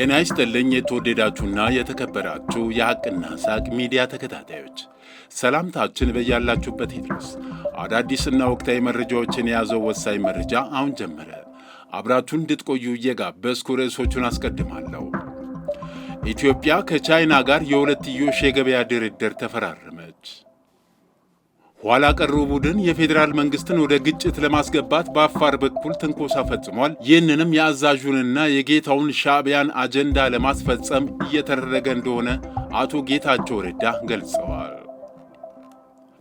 ጤና ይስጥልኝ የተወደዳችሁና የተከበራችሁ የሐቅና ሳቅ ሚዲያ ተከታታዮች ሰላምታችን በያላችሁበት ይድረስ። አዳዲስና ወቅታዊ መረጃዎችን የያዘው ወሳኝ መረጃ አሁን ጀመረ። አብራችሁን እንድትቆዩ እየጋበዝኩ ርዕሶቹን አስቀድማለሁ። ኢትዮጵያ ከቻይና ጋር የሁለትዮሽ የገበያ ድርድር ተፈራረመች። ኋላ ቀሩ ቡድን የፌዴራል መንግስትን ወደ ግጭት ለማስገባት በአፋር በኩል ትንኮሳ ፈጽሟል። ይህንንም የአዛዡንና የጌታውን ሻዕቢያን አጀንዳ ለማስፈጸም እየተደረገ እንደሆነ አቶ ጌታቸው ረዳ ገልጸዋል።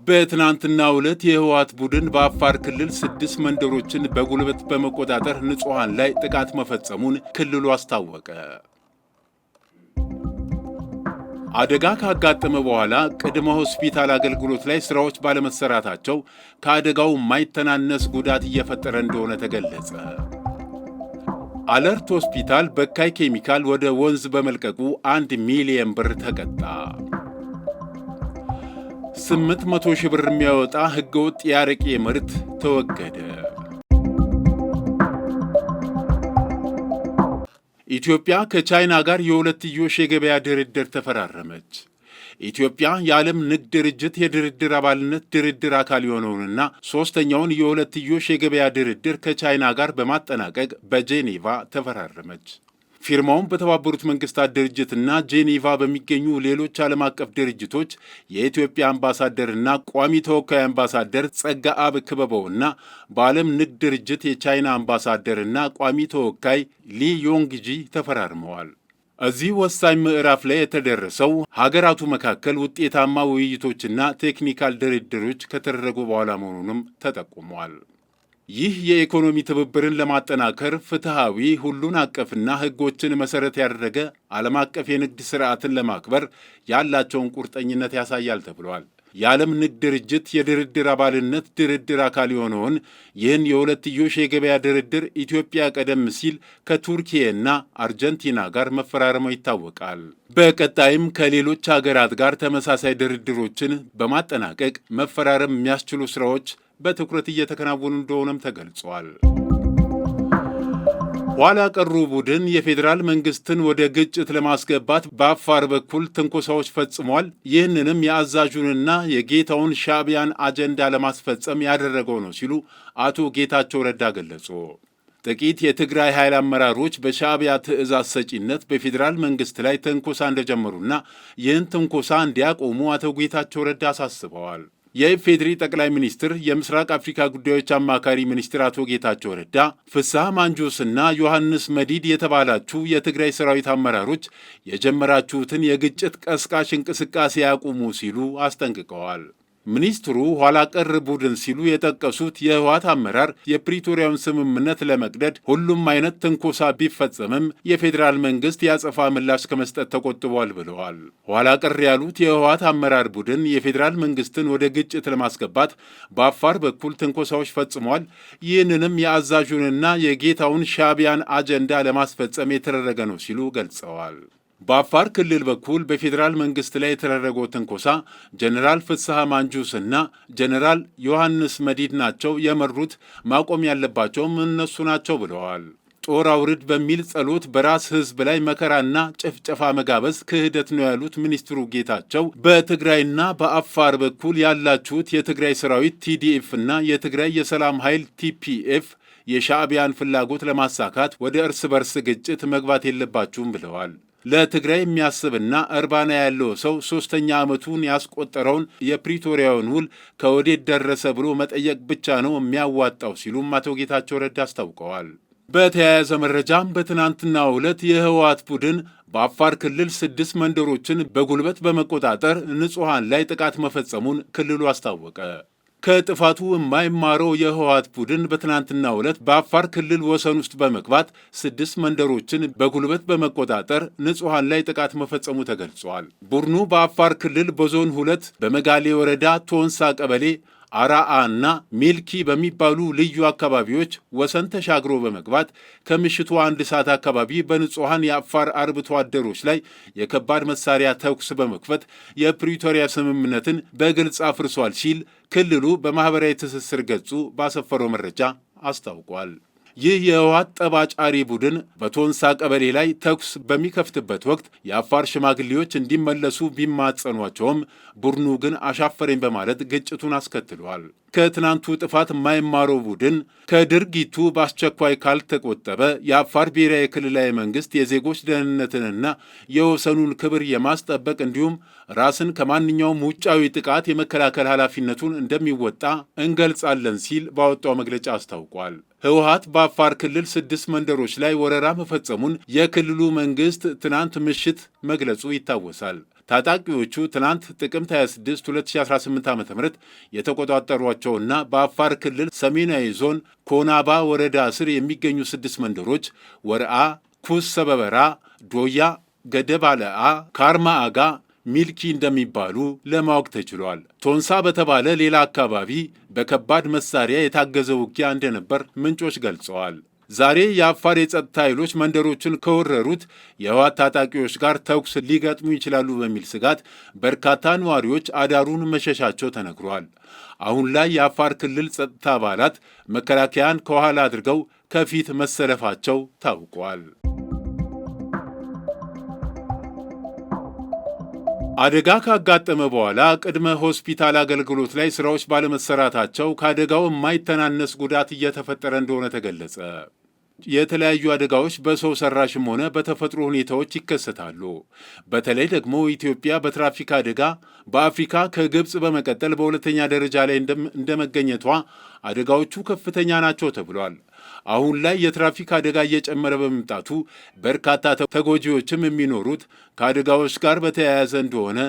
በትናንትና ዕለት የህወሓት ቡድን በአፋር ክልል ስድስት መንደሮችን በጉልበት በመቆጣጠር ንጹሐን ላይ ጥቃት መፈጸሙን ክልሉ አስታወቀ። አደጋ ካጋጠመ በኋላ ቅድመ ሆስፒታል አገልግሎት ላይ ስራዎች ባለመሰራታቸው ከአደጋው የማይተናነስ ጉዳት እየፈጠረ እንደሆነ ተገለጸ። አለርት ሆስፒታል በካይ ኬሚካል ወደ ወንዝ በመልቀቁ አንድ ሚሊየን ብር ተቀጣ። 800 ሺህ ብር የሚያወጣ ህገወጥ የአረቄ ምርት ተወገደ። ኢትዮጵያ ከቻይና ጋር የሁለትዮሽ የገበያ ድርድር ተፈራረመች። ኢትዮጵያ የዓለም ንግድ ድርጅት የድርድር አባልነት ድርድር አካል የሆነውንና ሦስተኛውን የሁለትዮሽ የገበያ ድርድር ከቻይና ጋር በማጠናቀቅ በጄኔቫ ተፈራረመች። ፊርማውን በተባበሩት መንግስታት ድርጅትና ጄኔቫ በሚገኙ ሌሎች ዓለም አቀፍ ድርጅቶች የኢትዮጵያ አምባሳደርና ቋሚ ተወካይ አምባሳደር ጸጋ አብ ክበበውና በዓለም ንግድ ድርጅት የቻይና አምባሳደርና ቋሚ ተወካይ ሊ ዮንግጂ ተፈራርመዋል። እዚህ ወሳኝ ምዕራፍ ላይ የተደረሰው ሀገራቱ መካከል ውጤታማ ውይይቶችና ቴክኒካል ድርድሮች ከተደረጉ በኋላ መሆኑንም ተጠቁመዋል። ይህ የኢኮኖሚ ትብብርን ለማጠናከር ፍትሐዊ፣ ሁሉን አቀፍና ሕጎችን መሠረት ያደረገ ዓለም አቀፍ የንግድ ስርዓትን ለማክበር ያላቸውን ቁርጠኝነት ያሳያል ተብሏል። የዓለም ንግድ ድርጅት የድርድር አባልነት ድርድር አካል የሆነውን ይህን የሁለትዮሽ የገበያ ድርድር ኢትዮጵያ ቀደም ሲል ከቱርኪየና አርጀንቲና ጋር መፈራረመው ይታወቃል። በቀጣይም ከሌሎች አገራት ጋር ተመሳሳይ ድርድሮችን በማጠናቀቅ መፈራረም የሚያስችሉ ስራዎች በትኩረት እየተከናወኑ እንደሆነም ተገልጿል። ኋላ ቀሩ ቡድን የፌዴራል መንግስትን ወደ ግጭት ለማስገባት በአፋር በኩል ትንኮሳዎች ፈጽሟል። ይህንንም የአዛዡንና የጌታውን ሻዕቢያን አጀንዳ ለማስፈጸም ያደረገው ነው ሲሉ አቶ ጌታቸው ረዳ ገለጹ። ጥቂት የትግራይ ኃይል አመራሮች በሻዕቢያ ትዕዛዝ ሰጪነት በፌዴራል መንግስት ላይ ትንኮሳ እንደጀመሩና ይህን ትንኮሳ እንዲያቆሙ አቶ ጌታቸው ረዳ አሳስበዋል። የኢፌዴሪ ጠቅላይ ሚኒስትር የምስራቅ አፍሪካ ጉዳዮች አማካሪ ሚኒስትር አቶ ጌታቸው ረዳ፣ ፍስሐ ማንጆስና ዮሐንስ መዲድ የተባላችሁ የትግራይ ሰራዊት አመራሮች የጀመራችሁትን የግጭት ቀስቃሽ እንቅስቃሴ ያቁሙ ሲሉ አስጠንቅቀዋል። ሚኒስትሩ ኋላ ቀር ቡድን ሲሉ የጠቀሱት የህወሓት አመራር የፕሪቶሪያውን ስምምነት ለመቅደድ ሁሉም አይነት ትንኮሳ ቢፈጸምም የፌዴራል መንግስት ያጸፋ ምላሽ ከመስጠት ተቆጥቧል ብለዋል። ኋላ ቀር ያሉት የህወሓት አመራር ቡድን የፌዴራል መንግስትን ወደ ግጭት ለማስገባት በአፋር በኩል ትንኮሳዎች ፈጽሟል፣ ይህንንም የአዛዡንና የጌታውን ሻቢያን አጀንዳ ለማስፈጸም የተደረገ ነው ሲሉ ገልጸዋል። በአፋር ክልል በኩል በፌዴራል መንግስት ላይ የተደረገው ትንኮሳ ጀኔራል ፍስሐ ማንጁስ እና ጀኔራል ዮሐንስ መዲድ ናቸው የመሩት፣ ማቆም ያለባቸውም እነሱ ናቸው ብለዋል። ጦር አውርድ በሚል ጸሎት በራስ ህዝብ ላይ መከራና ጭፍጨፋ መጋበዝ ክህደት ነው ያሉት ሚኒስትሩ ጌታቸው በትግራይና በአፋር በኩል ያላችሁት የትግራይ ሰራዊት ቲዲኤፍ እና የትግራይ የሰላም ኃይል ቲፒኤፍ የሻዕቢያን ፍላጎት ለማሳካት ወደ እርስ በርስ ግጭት መግባት የለባችሁም ብለዋል። ለትግራይ የሚያስብና እርባና ያለው ሰው ሶስተኛ ዓመቱን ያስቆጠረውን የፕሪቶሪያውን ውል ከወዴት ደረሰ ብሎ መጠየቅ ብቻ ነው የሚያዋጣው ሲሉም አቶ ጌታቸው ረዳ አስታውቀዋል። በተያያዘ መረጃም በትናንትናው ዕለት የህወሓት ቡድን በአፋር ክልል ስድስት መንደሮችን በጉልበት በመቆጣጠር ንጹሐን ላይ ጥቃት መፈጸሙን ክልሉ አስታወቀ። ከጥፋቱ የማይማረው የህወሓት ቡድን በትናንትናው ዕለት በአፋር ክልል ወሰን ውስጥ በመግባት ስድስት መንደሮችን በጉልበት በመቆጣጠር ንጹሐን ላይ ጥቃት መፈጸሙ ተገልጿል። ቡድኑ በአፋር ክልል በዞን ሁለት በመጋሌ ወረዳ ቶንሳ ቀበሌ አራአ እና ሜልኪ በሚባሉ ልዩ አካባቢዎች ወሰን ተሻግሮ በመግባት ከምሽቱ አንድ ሰዓት አካባቢ በንጹሐን የአፋር አርብቶ አደሮች ላይ የከባድ መሳሪያ ተኩስ በመክፈት የፕሪቶሪያ ስምምነትን በግልጽ አፍርሷል ሲል ክልሉ በማኅበራዊ ትስስር ገጹ ባሰፈረው መረጃ አስታውቋል። ይህ የህወሓት ጠባጫሪ ቡድን በቶንሳ ቀበሌ ላይ ተኩስ በሚከፍትበት ወቅት የአፋር ሽማግሌዎች እንዲመለሱ ቢማጸኗቸውም ቡድኑ ግን አሻፈረኝ በማለት ግጭቱን አስከትሏል። ከትናንቱ ጥፋት የማይማረው ቡድን ከድርጊቱ በአስቸኳይ ካልተቆጠበ የአፋር ብሔራዊ ክልላዊ መንግስት የዜጎች ደህንነትንና የወሰኑን ክብር የማስጠበቅ እንዲሁም ራስን ከማንኛውም ውጫዊ ጥቃት የመከላከል ኃላፊነቱን እንደሚወጣ እንገልጻለን ሲል ባወጣው መግለጫ አስታውቋል። ህወሀት በአፋር ክልል ስድስት መንደሮች ላይ ወረራ መፈጸሙን የክልሉ መንግስት ትናንት ምሽት መግለጹ ይታወሳል። ታጣቂዎቹ ትናንት ጥቅምት 26 2018 ዓ ም የተቆጣጠሯቸውና በአፋር ክልል ሰሜናዊ ዞን ኮናባ ወረዳ ስር የሚገኙ ስድስት መንደሮች ወረአ፣ ኩስ ሰበበራ፣ ዶያ፣ ገደብ አለአ፣ ካርማ አጋ፣ ሚልኪ እንደሚባሉ ለማወቅ ተችሏል። ቶንሳ በተባለ ሌላ አካባቢ በከባድ መሳሪያ የታገዘ ውጊያ እንደነበር ምንጮች ገልጸዋል። ዛሬ የአፋር የጸጥታ ኃይሎች መንደሮቹን ከወረሩት የህወሓት ታጣቂዎች ጋር ተኩስ ሊገጥሙ ይችላሉ በሚል ስጋት በርካታ ነዋሪዎች አዳሩን መሸሻቸው ተነግሯል። አሁን ላይ የአፋር ክልል ጸጥታ አባላት መከላከያን ከኋላ አድርገው ከፊት መሰለፋቸው ታውቋል። አደጋ ካጋጠመ በኋላ ቅድመ ሆስፒታል አገልግሎት ላይ ስራዎች ባለመሰራታቸው ከአደጋው የማይተናነስ ጉዳት እየተፈጠረ እንደሆነ ተገለጸ። የተለያዩ አደጋዎች በሰው ሰራሽም ሆነ በተፈጥሮ ሁኔታዎች ይከሰታሉ። በተለይ ደግሞ ኢትዮጵያ በትራፊክ አደጋ በአፍሪካ ከግብፅ በመቀጠል በሁለተኛ ደረጃ ላይ እንደመገኘቷ አደጋዎቹ ከፍተኛ ናቸው ተብሏል። አሁን ላይ የትራፊክ አደጋ እየጨመረ በመምጣቱ በርካታ ተጎጂዎችም የሚኖሩት ከአደጋዎች ጋር በተያያዘ እንደሆነ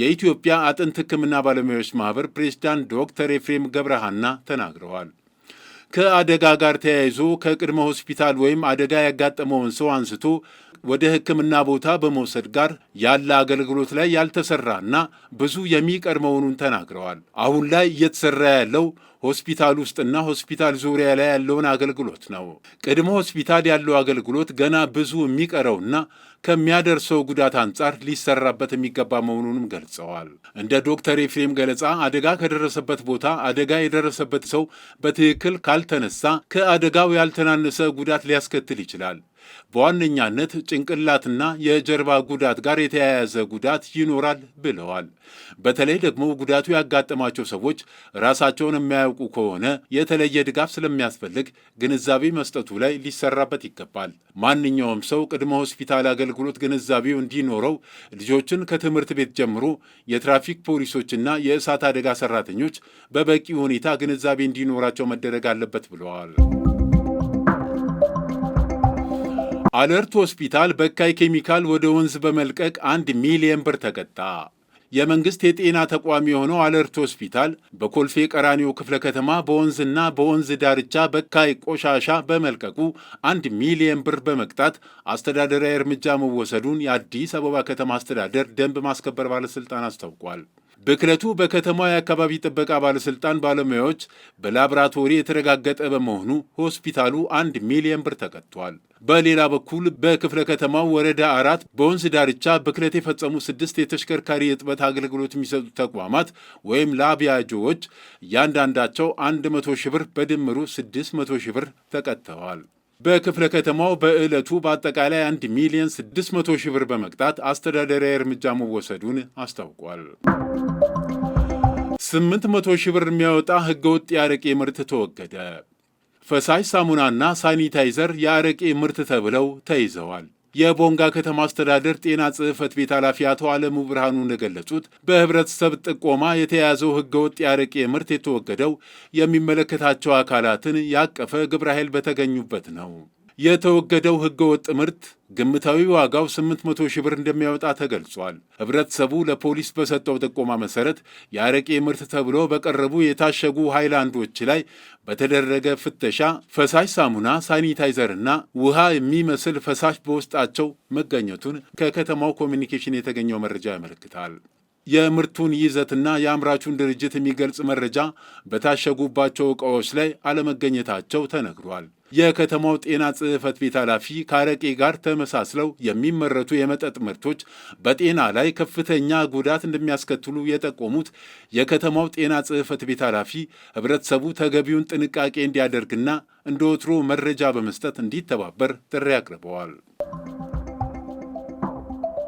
የኢትዮጵያ አጥንት ሕክምና ባለሙያዎች ማኅበር ፕሬዝዳንት ዶክተር ኤፍሬም ገብረሃና ተናግረዋል። ከአደጋ ጋር ተያይዞ ከቅድመ ሆስፒታል ወይም አደጋ ያጋጠመውን ሰው አንስቶ ወደ ሕክምና ቦታ በመውሰድ ጋር ያለ አገልግሎት ላይ ያልተሰራና ብዙ የሚቀር መሆኑን ተናግረዋል። አሁን ላይ እየተሰራ ያለው ሆስፒታል ውስጥና ሆስፒታል ዙሪያ ላይ ያለውን አገልግሎት ነው። ቅድመ ሆስፒታል ያለው አገልግሎት ገና ብዙ የሚቀረውና ከሚያደርሰው ጉዳት አንጻር ሊሰራበት የሚገባ መሆኑንም ገልጸዋል። እንደ ዶክተር ኤፍሬም ገለጻ አደጋ ከደረሰበት ቦታ አደጋ የደረሰበት ሰው በትክክል ካልተነሳ ከአደጋው ያልተናነሰ ጉዳት ሊያስከትል ይችላል። በዋነኛነት ጭንቅላትና የጀርባ ጉዳት ጋር የተያያዘ ጉዳት ይኖራል ብለዋል። በተለይ ደግሞ ጉዳቱ ያጋጠማቸው ሰዎች ራሳቸውን የሚያውቁ ከሆነ የተለየ ድጋፍ ስለሚያስፈልግ ግንዛቤ መስጠቱ ላይ ሊሰራበት ይገባል። ማንኛውም ሰው ቅድመ ሆስፒታል አገልግሎት ግንዛቤው እንዲኖረው ልጆችን ከትምህርት ቤት ጀምሮ የትራፊክ ፖሊሶችና የእሳት አደጋ ሰራተኞች በበቂ ሁኔታ ግንዛቤ እንዲኖራቸው መደረግ አለበት ብለዋል። አለርት ሆስፒታል በካይ ኬሚካል ወደ ወንዝ በመልቀቅ አንድ ሚሊየን ብር ተቀጣ። የመንግስት የጤና ተቋም የሆነው አለርት ሆስፒታል በኮልፌ ቀራኒዮ ክፍለ ከተማ በወንዝና በወንዝ ዳርቻ በካይ ቆሻሻ በመልቀቁ አንድ ሚሊየን ብር በመቅጣት አስተዳደራዊ እርምጃ መወሰዱን የአዲስ አበባ ከተማ አስተዳደር ደንብ ማስከበር ባለሥልጣን አስታውቋል። ብክለቱ በከተማ የአካባቢ ጥበቃ ባለሥልጣን ባለሙያዎች በላብራቶሪ የተረጋገጠ በመሆኑ ሆስፒታሉ አንድ ሚሊየን ብር ተቀጥቷል። በሌላ በኩል በክፍለ ከተማው ወረዳ አራት በወንዝ ዳርቻ ብክለት የፈጸሙ ስድስት የተሽከርካሪ እጥበት አገልግሎት የሚሰጡ ተቋማት ወይም ላቢያጆዎች እያንዳንዳቸው 100 ሺህ ብር በድምሩ 600 ሺህ ብር ተቀጥተዋል። በክፍለ ከተማው በዕለቱ በአጠቃላይ 1 ሚሊዮን 600 ሺህ ብር በመቅጣት አስተዳደራዊ እርምጃ መወሰዱን አስታውቋል። 800 ሺህ ብር የሚያወጣ ህገወጥ የአረቄ ምርት ተወገደ። ፈሳሽ ሳሙናና ሳኒታይዘር የአረቄ ምርት ተብለው ተይዘዋል። የቦንጋ ከተማ አስተዳደር ጤና ጽህፈት ቤት ኃላፊ አቶ አለሙ ብርሃኑ እንደገለጹት በህብረተሰብ ጥቆማ የተያዘው ህገወጥ የአረቄ ምርት የተወገደው የሚመለከታቸው አካላትን ያቀፈ ግብረ ኃይል በተገኙበት ነው። የተወገደው ህገወጥ ምርት ግምታዊ ዋጋው 800 ሺህ ብር እንደሚያወጣ ተገልጿል። ህብረተሰቡ ለፖሊስ በሰጠው ጥቆማ መሰረት የአረቄ ምርት ተብሎ በቀረቡ የታሸጉ ሃይላንዶች ላይ በተደረገ ፍተሻ ፈሳሽ ሳሙና፣ ሳኒታይዘርና ውሃ የሚመስል ፈሳሽ በውስጣቸው መገኘቱን ከከተማው ኮሚኒኬሽን የተገኘው መረጃ ያመለክታል። የምርቱን ይዘትና የአምራቹን ድርጅት የሚገልጽ መረጃ በታሸጉባቸው ዕቃዎች ላይ አለመገኘታቸው ተነግሯል። የከተማው ጤና ጽሕፈት ቤት ኃላፊ ከአረቄ ጋር ተመሳስለው የሚመረቱ የመጠጥ ምርቶች በጤና ላይ ከፍተኛ ጉዳት እንደሚያስከትሉ የጠቆሙት የከተማው ጤና ጽሕፈት ቤት ኃላፊ ሕብረተሰቡ ተገቢውን ጥንቃቄ እንዲያደርግና እንደ ወትሮ መረጃ በመስጠት እንዲተባበር ጥሪ አቅርበዋል።